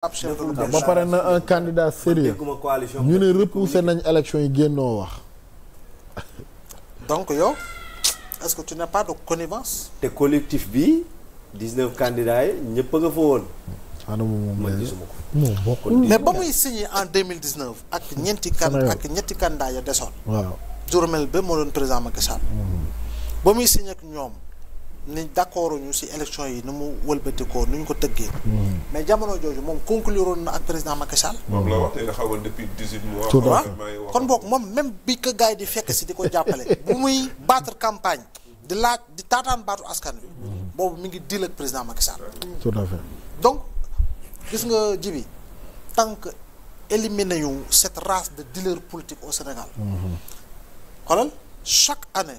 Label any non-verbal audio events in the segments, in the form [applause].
ba pare na un candidat sérieux ñu ne repoussé nañ élection yi génnoo wax. donc yow est-ce que tu n'as te collectif bi 19 candidats yi ñëpp a nga fa woon. xanaa moom mooy moom bokkul mais ba muy signé en ak ñeenti kan ñetti candidat ya desoon. waaw Diourbel ba mm-hmm. ba muy signé ak ñoom. ni d'accord ñu ci élection yi nu mu wëlbatikoo nu ñu ko tëggee. Hmm. mais jamono jooju moom conclure na ak président Macky Sall. moom la wax te nga xamal depuis kon boog moom même bi ko gars di fekk ci di ko jàppale. [laughs] bu muy battre campagne. di laaj di taataan baatu askan wi. Hmm. boobu mi ngi deal ak président Macky Sall. donc gis nga ji bi tant que éliminer ñu cette race de dealers politiques au Sénégal. Hmm. xoolal chaque année.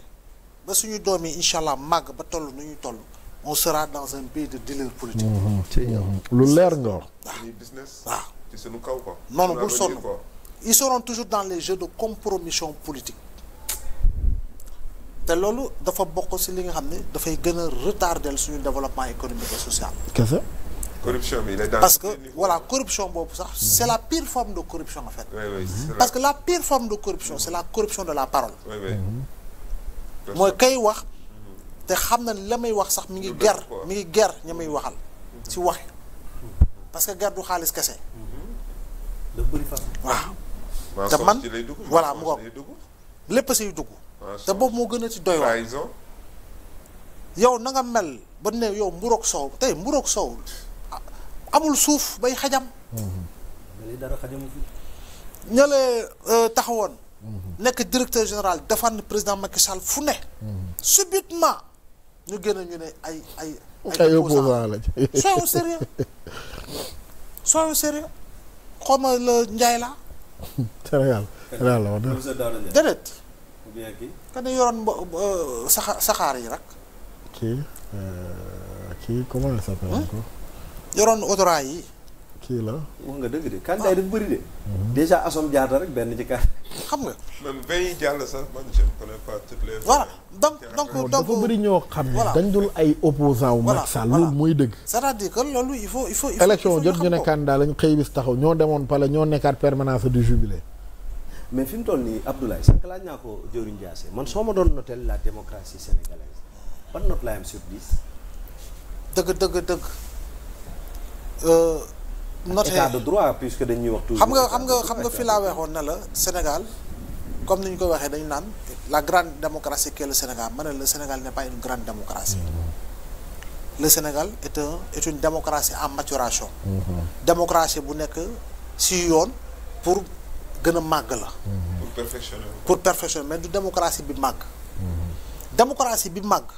ba suñu doom yi incha allah màgg ba toll nu ñu toll on sera dans un pays de dealer politique. Mhm, lu leer nga wax. waaw ci suñu kaw ko noonu bul sonn ils seront toujours dans les jeux de compromission politique te loolu dafa bokk si li nga xam ni dafay gën a retardel suñu développement économique et social. qu'est-ce que corruption bi parce que voilà corruption boobu sax mhm. c'est la pire forme de corruption en fait. parce que la pire forme de corruption c'est la corruption de la parole. Mhm. mooy kay wax te xam na la may wax sax mi ngi ger mi ngi ger ña may waxal si waxe parce que ger du xaalis kese waaw te man voilà mu ko lépp say dugg te boobu moo gën a ci doy waar yow na mel ba ne yow mburoog soow tey mburoog soow amul suuf bay xajam mm-hmm. ña la euh, taxawoon nekk directeur général défendre président Macky Sall fu ne. subitement ñu génn ñu ne ay ay. ay opposant lañ soyons sérieux soyons sérieux xaw la Ndiaye laa. Sénégal Sénégal la wax dëgg. déedéet. kan yoroon euh, saxaar saxaar yi rek. kii euh, kii comment il s'appelle hmm? encore. yoroon autorail yi. kii la. wax nga dëgg de. candidat ah. yi dafa bëri de. déjà Assome Diatta rek benn ci kàddu. xam nga. man vingt jàll sax man je ne bëri ñoo xam ne dañ dul ay opposants wu Macky Sall loolu mooy dëgg. c'est-à-dire que loolu il faut jot ñu ne candidat lañ xëy bis taxaw ñoo demoon pale ñoo nekkaat permanence du jubilé. mais fi mu toll nii Abdoulaye sànq laaj naa ko Diorou Ndiassé man soo ma doon noter la démocratie sénégalaise ban note laay am sur dix. dëgg dëgg dëgg. Euh, noté état de droit puisque dañuy xam nga xam nga xam nga fi laa weexoon na la Sénégal comme ni ñu ko waxee dañu naan la grande démocratie qu'est le Sénégal ma la le Sénégal n'est pas une grande démocratie. le Sénégal est un une démocratie en maturation. Mhm. démocratie bu nekk si yoon pour gën a màgg la. Mhm. pour perfectionner. pour perfectionner mais du démocratie bi màgg. Mhm. démocratie bi màgg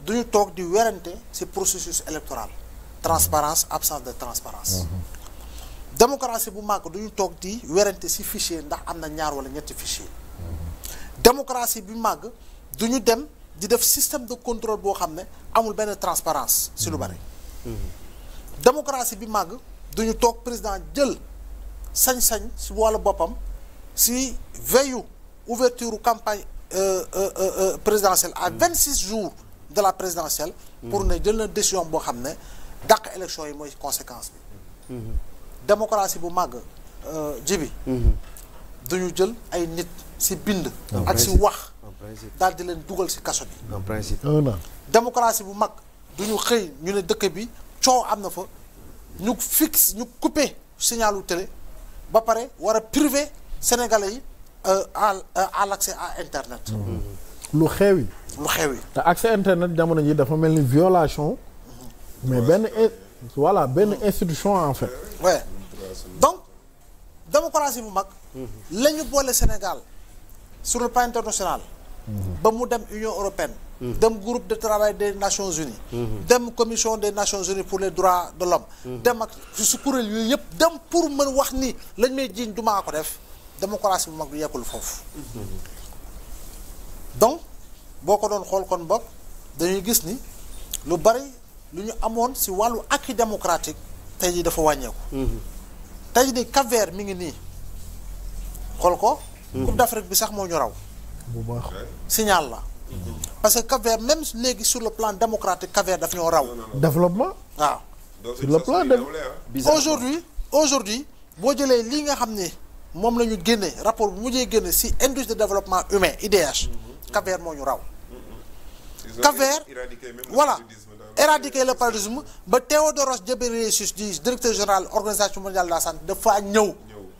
duñu toog di werante ci processus électoral. transparence absence de transparence démocratie bu màgg duñu toog di werante ci fichier ndax am na ñaar walla ñetti fichier démocratie bi màgg ñu dem di def système de contrôle boo xam ne amul benn transparence ci lu bari démocratie bi màgg duñu toog président jël sañ-sañ ci wàllu boppam ci veillu ouverture campagne euh, euh, euh, présidentielle à vingt six jours de la présidentielle pour ne jël na décision boo xam ne dàq élection yi mooy conséquence bi démocratie bu màgg euh, jibi duñu jël ay nit si bind ak si wax daal di leen dugal si kaso bi en principe démocratie bu mag duñu xëy ñu ne dëkk bi coow am na fa ñu fix ñu coupé signalu télé ba pare war a privé sénégalais yi euh, à euh, à l' accès à internet lu xewi lu xewi te accès internet jamono ji dafa mel ni violation mais benn voilà benn institution en fait. oui donc démocratie bu mag. Mhm. lañu ñu boole Sénégal sur le plan international. Mhm. ba mu dem Union européenne. Mhm. dem groupe de travail des Nations Unies. dem commission des Nations Unies pour les droits de l'homme dem ak su kuréel yooyu yëpp dem pour mën wax ni lañ may jiiñ du maa ko def démocratie bu mag du yekkul foofu. donc boo ko doon xool kon bopp dañuy gis ni lu bari. lu ñu amoon si wàllu acquis démocratique tey jii dafa wàññeeku. Mhm. tey jii Cap-Vert mi ngi nii xool ko. Mhm. Coupe d'Afrique bi sax moo ñu raw. bu baax signal la. parce que cap même léegi sur le plan démocratique Cap-Vert daf ñoo raw. développement waaw. sur le plan de aujourd'hui aujourd'hui boo jëlee lii nga xam ni moom la ñu génne rapport bu mujjee génne si industrie de développement humain IDH. Mhm. cap moo ñu raw. Cap-Vert éradiquer le paludisme ba Théodoros Ghebreyesus di directeur général organisation mondiale de la santé dafa ñëw.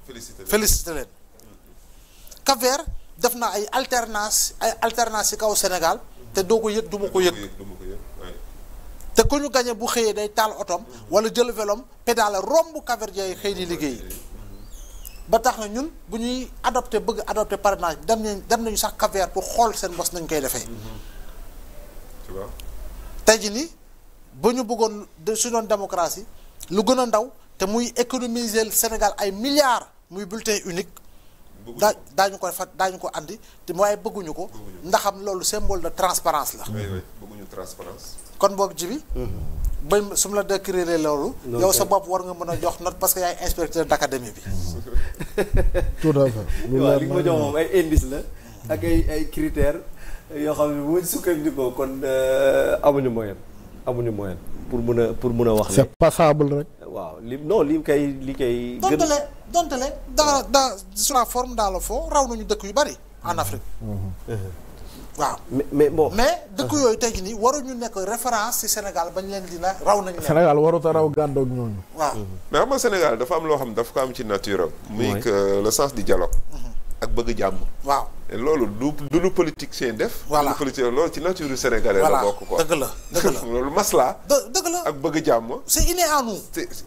félicité leen félicité leen. Cap-Vert def na ay alternance ay alternance ci kaw Sénégal te doo ko yëg du ma ko yëg. te ku ñu gañe bu xëyee day taal otom wala jël velom pédale romb Cap-Vert jaay xëy di liggéey mhm. ba tax na ñun bu ñuy adopté bëgg adopté parrainage dem nañ dem nañu sax Cap-Vert pour xool seen bos nañ koy defee. Mhm. tey ji nii ba ñu bëggoon su doon démocratie lu gën a ndaw te muy économiser Sénégal ay milliards muy bulletin unique daa daañu ko fa daañu ko andi te waaye bëgguñu ko ndaxam loolu symbole de transparence la bëgguñu transparence kon boog ji bi ba su ma la décrire loolu yow sa bopp war nga mën a jox note parce que yaay inspecteur d'académie bi [laughs] tout à fait waaw li nga la ak ay ay critères yoo kon euh, amuñu moyen amuñu moyen pour mun a pour mun a wax. c'est passable rek. waaw li non li kay li kay. gën donte le donte le dans dans sur la forme dans le fond raw nañu dëkk yu bari en Afrique. Mm-hmm. waaw mais mais bon. mais dëkk yooyu tey jii nii waruñu nekk référence ci Sénégal bañ leen di la raw nañu. Sénégal warut a raw gàddoog ñooñu. waaw mais xam nga Sénégal dafa am loo xam dafa ko am ci nature am. muy que le sens di dialogue. Mm-hmm. ak bëgg jàmm. waaw loolu du du lu politique seen def. voilà lu loolu ci nature sénégalais la bokk quoi. dëgg la dëgg la [laughs] loolu masla dëgg la ak bëgg jàmm. c' est inné à nous.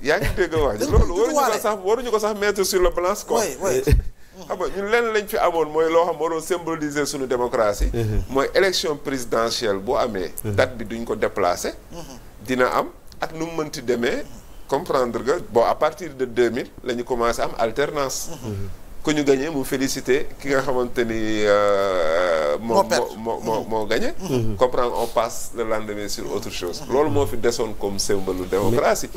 yaa ngi dégg wax ji loolu waruñu ko sax waruñu ko sax mettre sur la balance quoi. [laughs] xam nga ñun lañ fi amoon mooy loo xam waroon symboliser suñu démocratie. Mm-hmm. mooy élection présidentielle boo amee. Mm-hmm. date bi duñ ko déplacé. Mm-hmm. dina am ak nu mu mënti demee comprendre nga boo a partir de 2000 la ñu commencé am alternance. ku ñu gañee mu félicité ki nga xamante ni euh, moo moo moo moo gagné mm-hmm. comprendre on passe le lendemain sur autre chose mm-hmm. loolu moo fi desoon comme symbole démocratie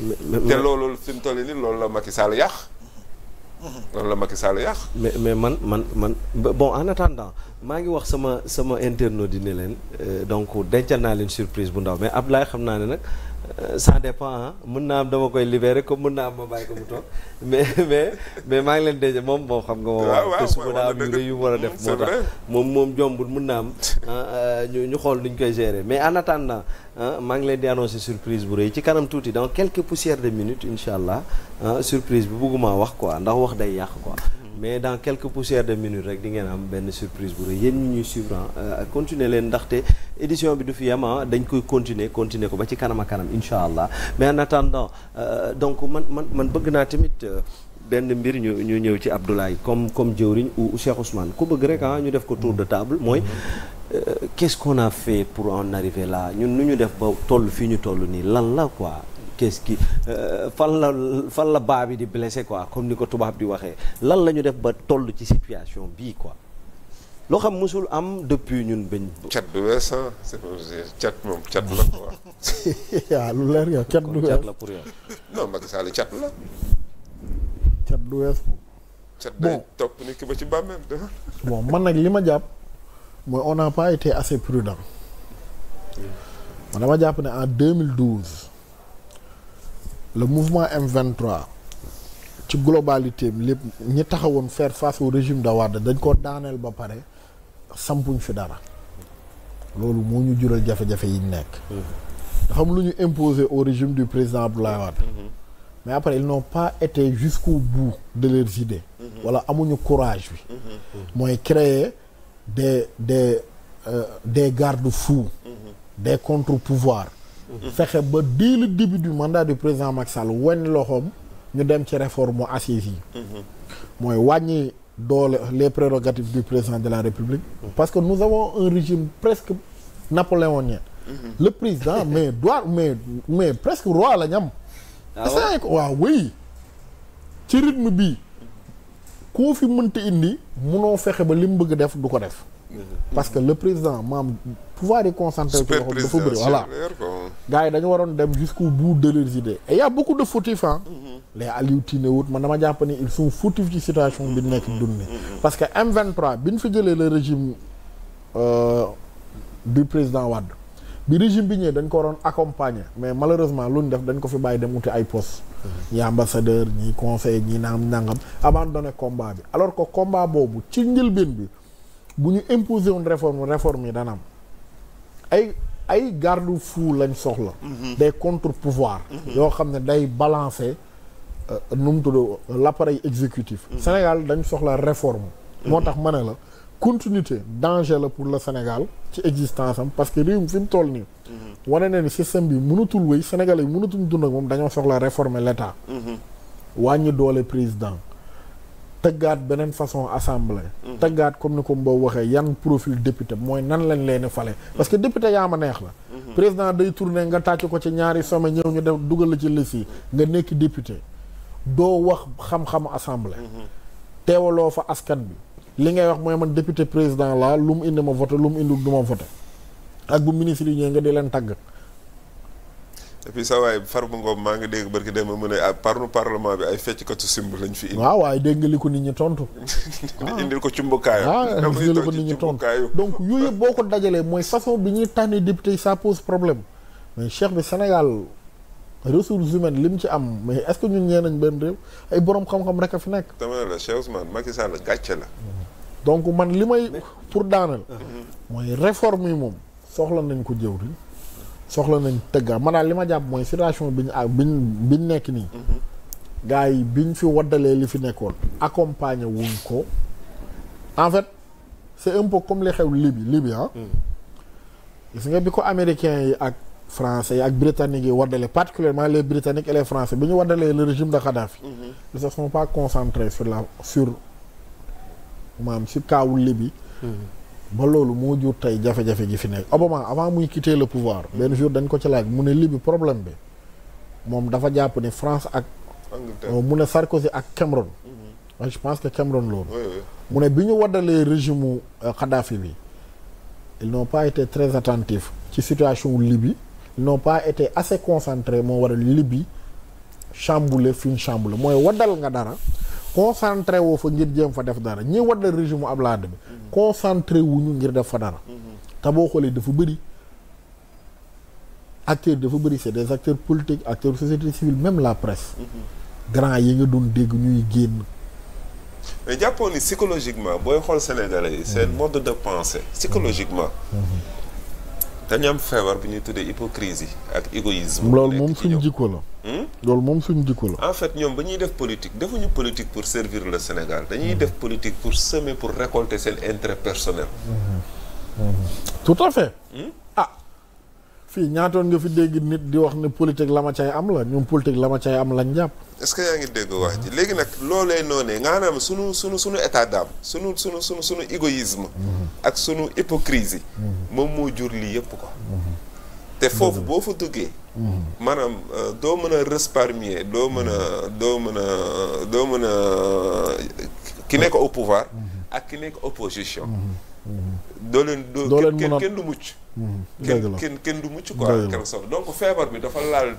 te loolu fi mu toll nii loolu la Macky Sall yàq mm-hmm. loolu la Macky Sall yàq mais mais man man man bon en attendant maa ngi wax sama sama internaute di ne leen euh, donc dencal naa leen surprise bu ndaw mais Ablaye xam naa ne nag Euh, ça dépend ah mën naa am dama koy libérer comme mën naa am ma bàyyi ko mu toog [laughs] mais mais mais maa ngi leen déje moom moom xam nga moom waaw te suba daa am yu war a def mm, moo tax moom moom jombul mën naa am [laughs] ah, euh, ñu ñu xool nuñ koy gérer mais en attendant maa ngi leen di annoncer surprise bu rëy ci kanam tuuti dans quelques poussières de minutes incha allah surprise bi bëgguma wax quoi ndax wax day yàq quoi mais dans quelques poussières de minutes rek di ngeen am benn surprise bu rëy yéen ñi ñuy suivre euh, continuer leen ndaxte édition bi du fi yem ah, dañ koy continuer continuer ko ba ci kanam a kanam allah mais en attendant euh, donc man man man bëgg naa tamit euh, benn mbir ñu ñu ñëw ci Abdoulaye comme comme jëwriñ ou Cheikh Ousmane ku bëgg rek ah ñu def ko tour de table mooy euh, qu'est-ce qu'on fait pour en arriver la ñun nu ñu def ba toll fii ñu toll nii lan la quoi kees gi euh, fan la fan la baa bi di blessé quoi comme ni ko tubaab di waxee lan la ñu def ba toll ci situation bii quoi loo xam mosul am depuis ñun bañ. cat du wees ah c'est cat moom cat la quoi. waaw [laughs] lu leer nga cat du wees cat la pour yow. non cat la. cat du wees. cat day topp nit ki ba ci bàmmeel bon man nag li ma jàpp mooy on n'a pas été assez prudent. Mm. man dama jàpp ne en le mouvement m ci globalité am lépp ñi taxawoon faire face au régime de Wade dañ ko daaneel ba pare sampuñ fi dara loolu moo ñu jural jafe-jafe yi nekk. dafa lu ñu imposé au régime du président Abdoulaye Wade. mais après ils n'ont pas été jusqu'au bout de leurs idées. wala amuñu courage bi. mooy créer des des euh, des garde-fous. des contre-pouvoirs. fexe ba dès le début du mandat du président Macky Sall wen loxoom ñu dem ci réforme assise yi mooy wàññi doole les prérogatives du président de la République parce que nous avons un régime presque napoléonien le président [laughs] mais doit mais mais presque roi la ñam ko ah waaw oui ci ritme bi koo fi mënta indi munoo fexe ba li mu bëgg def du ko def mm-hmm. parce que le président maam pouvoir yi concentré ci waxam dafa bëri voilà gars yi dañu waroon dem jusqu'au bout de leurs idées et y a beaucoup de fautifs ah les Aliou Tine wut man dama jàpp ni ils sont fautifs ci situation bi nekk mm-hmm. dund ni mm-hmm. parce que M23 bi ñu fi jëlee le régime euh, du président wadd bi régime bi ñëwee dañ ko waroon accompagner mais malheureusement lu ñu def dañ ko fi bàyyi dem wuti ay poste ñi ambassadeur ñi conseil ñi nangam nangam abandonné combat bi alors que combat boobu ci njëlbeen bi bu ñu imposer woon réforme réforme yi dana am ay ay garde-fou lañ soxla. Mhm. des contre pouvoir mhm. yoo xam ne day balancer euh, nu mu tudd l'appareil exécutif. Mhm. Sénégal dañ soxla réforme. moo tax ma ne la continuité danger la pour le Sénégal ci existence am parce que réew mi fi mu toll nii. wane na ni système bi mënatul wéy Sénégalais yi mënatuñ dund ak moom dañoo soxla réformer l'État. wàññi doole président. tëggaat beneen façon assemblée. tëggaat comme ni ko Mbow waxee yan profil député mooy nan lañ leen fale. parce que député yaa ma neex la. Mhm. président day tourné nga tàcc ko ci ñaari sommet ñëw ñu def dugal la ci liste yi nga nekk député doo wax xam-xamu assemblée. Mhm. teewaloo fa askan bi. li ngay wax mooy man député président laa lu mu indi ma voté lu mu indi du ma voté ak bu ministre yi ñëwee nga di leen tàgg. et puis sa maa ngi dégg barki dem mu ne ah parnu parlement bi dégg nga ko nit ñi tontu. [laughs] indil ko cumbukaay. ah indil ko nit donc boo ko dajalee mooy façon bi ñuy tànni député yi ça pose problème mais Cheikh bi Sénégal ressources li mu ci am mais est-ce que ñee nañ benn réew ay borom a fi nekk. dama la Cheikh Ousmane Macky Sall la. donc man li may pour daanal. Mhm. mooy réforme yi moom soxla nañ ko jëwriñ. soxla nañ tëgga man daal li ma jàpp mooy situation bi ñu ak bi ñu nekk nii. Mhm. gars yi bi ñu fi waddalee li fi nekkoon. accompagner wuñ ko. en fait c'est un peu comme li xew Libye Libye ah. Mhm. gis nga bi ko américains yi ak français yi ak britanniques yi waddale particulièrement les britanniques et les français bi ñu waddalee le régime de Kadhafi. Mhm. ils se sont pas concentrés sur la sur maanaam sur kaawu Libye. ba loolu moo jur tey jafe-jafe gi fi nekk Obama avant muy quitter le pouvoir benn jour dañ ko ci laaj mu ne li bi problème bi moom dafa jàpp ni France ak mu ne Sarkozy ak Cameroun mhm. pense que Cameroun loolu mu ne bi ñu waddalee régime u euh, Kadhafi bi ils n'ont pas été très attentifs ci situation Libye ils n'ont pas été assez concentré moo waral Libye chamboulé fi ñu chamboulé mooy waddal nga dara concentré woo fa ngir jéem fa def dara ñi wadda régime Ablaye bi mhm. wu wuñu ngir def fa dara mhm. te boo xoolee dafa bëri acteurs dafa bëri c'est des acteurs politiques acteurs société civile même la presse mhm. grand yi nga doon dégg ñuy génn mais jàppoon ni psychologiquement booy xool Sénégalais yi seen mode de pensée psychologiquement dañu am feebar bi ñuy tuddee hypocrisie ak égoïsme loolu moom suñ jikko la loolu moom suñu jikko la. en fait ñoom ba ñuy def politique defuñu politique pour servir le Sénégal dañuy def politique pour semer pour récolter seen intérêt personnel. Mm-hmm. tout à fait. Hmm? ah fii ñaatoon nga fi dégg nit di wax ne politique la ma cay am la ñoom politique la ma cay am lañ jàpp. est-ce que yaa ngi dégg wax ji léegi nag loole noonee nga xam ne sunu sunu sunu état d'âme sunu sunu sunu sunu égoïsme. Mm-hmm. ak sunu hypocrisie mm-hmm. moom moo jur lii yëpp ko te foofu boo fa duggee. Hmm. maanaam euh, doo mën a resparmier doo mën a hmm. doo mën a doo mën a ki nekk au hmm. ak ki nekk opposition. doo leen doo leen kenn du mucc. kenn kenn kenn du mucc quoi. donc feebar bi dafa laal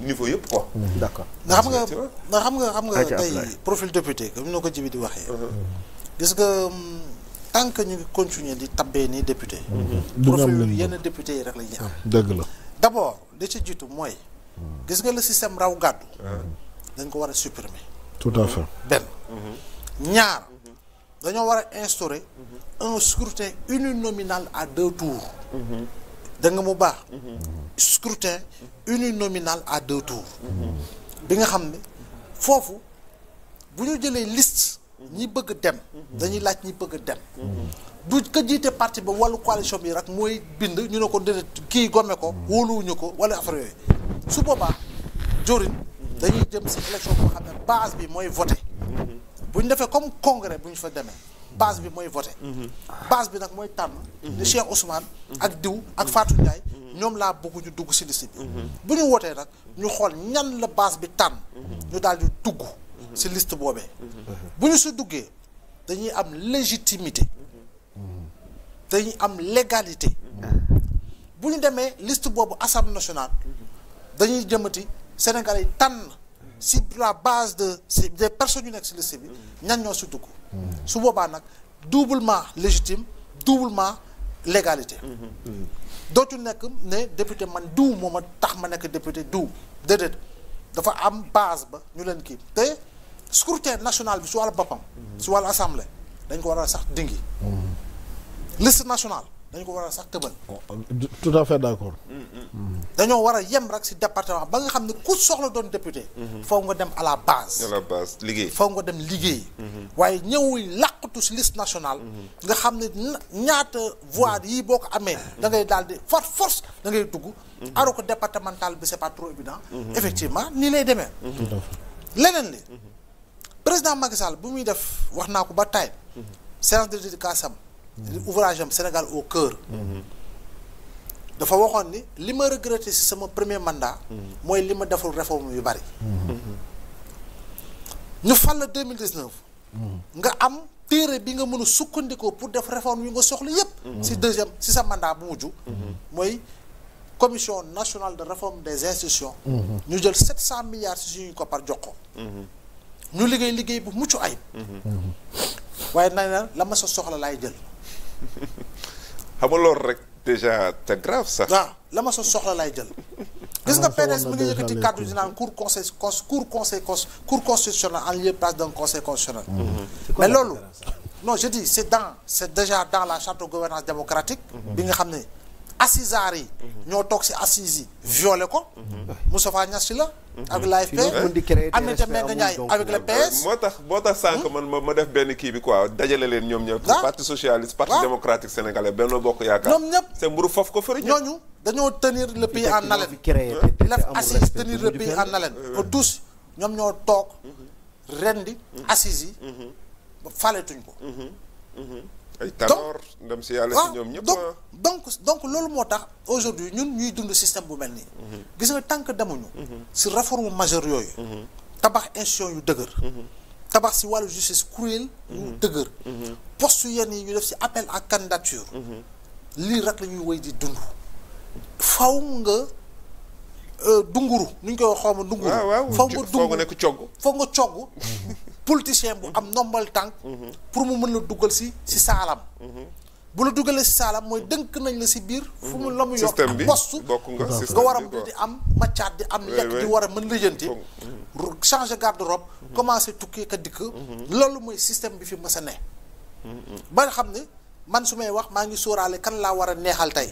niveau yëpp quoi. d'accord nga xam nga nga xam nga xam nga tey profil député comme noo ko jibi di waxee. Uh-huh. gis nga. tant que ñu ngi continuer di tabbee ni député. du mhm. profil yenn député yi rek la ñuy ah, dëgg la d' abord li ci jiitu mooy. gis nga la système raw gàddu. Ah. dañ ko war a supprimer. tout à benn. Mhm. ñaar mhm. dañoo war a instaurer un scrutin uninominal à deux tours. da nga mu baax. scrutin nominal à deux tours. bi nga xam ne foofu bu ñu jëlee liste. ñi bëgg dem. dañuy laaj ñi bëgg dem. du ka jiite parti ba wàllu coalition bi rek mooy bind ñu ne ko déedéet kii gomme ko wóoluwuñu ko wala affaire yooyu su boobaa jorin dañuy jëm si élection boo xam ne base bi mooy voté. bu ñu defee comme congrès bu ñu fa demee base bi mooy voté. base bi nag mooy tànn. ni Cheikh Ousmane. ak diw ak Fatou ñoom laa bëgg ñu dugg si liste bi. bu ñu wootee nag ñu xool ñan la base bi tànn. ñu daal dugg. si liste boobee. bu ñu si duggee dañuy am légitimité. dañuy am légalité. bu ñu demee liste boobu assemblée nationale. dañuy jëmati Sénégal yi tànn si la base de si des personnes nekk si liste bi. ñan ñoo si dugg. su boobaa nag doublement légitime doublement légalité. dootu nekk ne député man diw moom a tax ma nekk député diw déedéet dafa am base ba ñu leen kii te. scrutin national bi su wàllu boppam. su wàllu assemblée dañ ko war a sax dingi liste nationale dañ ko war a sax tëbal. tout à fait dañoo war a yem rek si département ba nga xam ne ku soxla doon député. foog nga dem à la base. liggéey. foog nga dem liggéey. waaye ñëwuy làqatu si liste national nga xam ne ñaata voix yii boo ko amee. da ngay daal di force force da ngay dugg. aru ko départemental bi c' trop évident. Mhm. effectivement nii lay demee. leneen li. président Macky Sall muy def wax naa ko ba taay. séance de dédicace am. ouvrage am Sénégal au cœur. dafa waxoon ni li ma regretté ci sama premier mandat. mooy li ma deful réforme yu bari. ñu fal la 2019. nga am téere bi nga mën a sukkandikoo pour def réforme yu nga soxla yépp ci deuxième ci sa mandat bu mujj. mooy commission national de réforme des institutions. ñu jël cent milliards ci ko par jox ko. ñu liggéey liggéey bu mucc ayib. waaye na na la ma sa soxla laay jël. xam nga loolu rek déjà c'est grave sax. waaw la ma sa soxla laay jël. gis nga PDS mi ngi yëkkati kàddu di naan cour conseil cour conseil cour constitutionnel en lieu place d'un conseil constitutionnel. Mm-hmm. Mm-hmm. mais loolu non je dis c'est dans c'est déjà dans la charte de gouvernance démocratique. Mm-hmm. bi nga xam ne. assisaar yi. ñoo toog si assis yi. violé ko. Moustapha Niass la. avec l'AFP Aminata Mbengue Ndiaye avec le PS. moo tax boo tax sànq man ma def benn kii bi quoi dajale leen ñoom ñëpp. ah parti socialiste parti démocratique sénégalais Benno Bokk Yaakaar. ñoom ñëpp c' mburu foofu ko fëri ñooñu dañoo tenir le pays en haleine. def assise tenir le pays en haleine. ba euh. tous ñoom ñoo toog. Mhm. rendi mhm. assise yi. Mhm. faletuñ ko. ay Tanor ndem si yàlla si ñoom ñëpp ah. donc donc loolu moo tax aujourd'hui ñun ñuy dund système bu mel nii. Mhm. gis nga tant que demuñu. Mhm. si réforme majeure yooyu. Mhm. tabax institution yu dëgër. tabax si wàllu justice kuréel. yu dëgër. poste yenn yi ñu def si appel à candidature. lii rek lañuy ñuy wéy di dund. faw nga euh, dunguru nu ñu koy wax xaw ma dunguru. faw nga dunguru faw nga nekk cogg. faw [laughs] nga cogg. politicien bu am ndombal tànk pour mu mën la duggal si si saalam bu la duggalee si saalam mooy dënk nañ la si biir fu mu la mu yor ak postu nga war a di am maccaat di am lekk di war a mën lijjanti changer garde-robe commencé tukki ka dikk loolu mooy système bi fi mës ne ba xam ne man su may wax maa ngi sóoraale kan laa war a neexal tey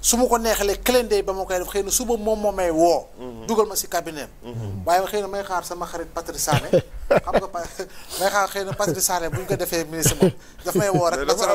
su ma ko neexalee calendrier ba ma koy def xëy na suba moom moo may woo. Mhm. dugal ma si cabinet mhm. waaye xëy may xaar sama xarit Patrice Sané [laughs] xam nga [laughs] may xaar xëy na Patrice Sané bu ko defee ministre moom daf may woo rek.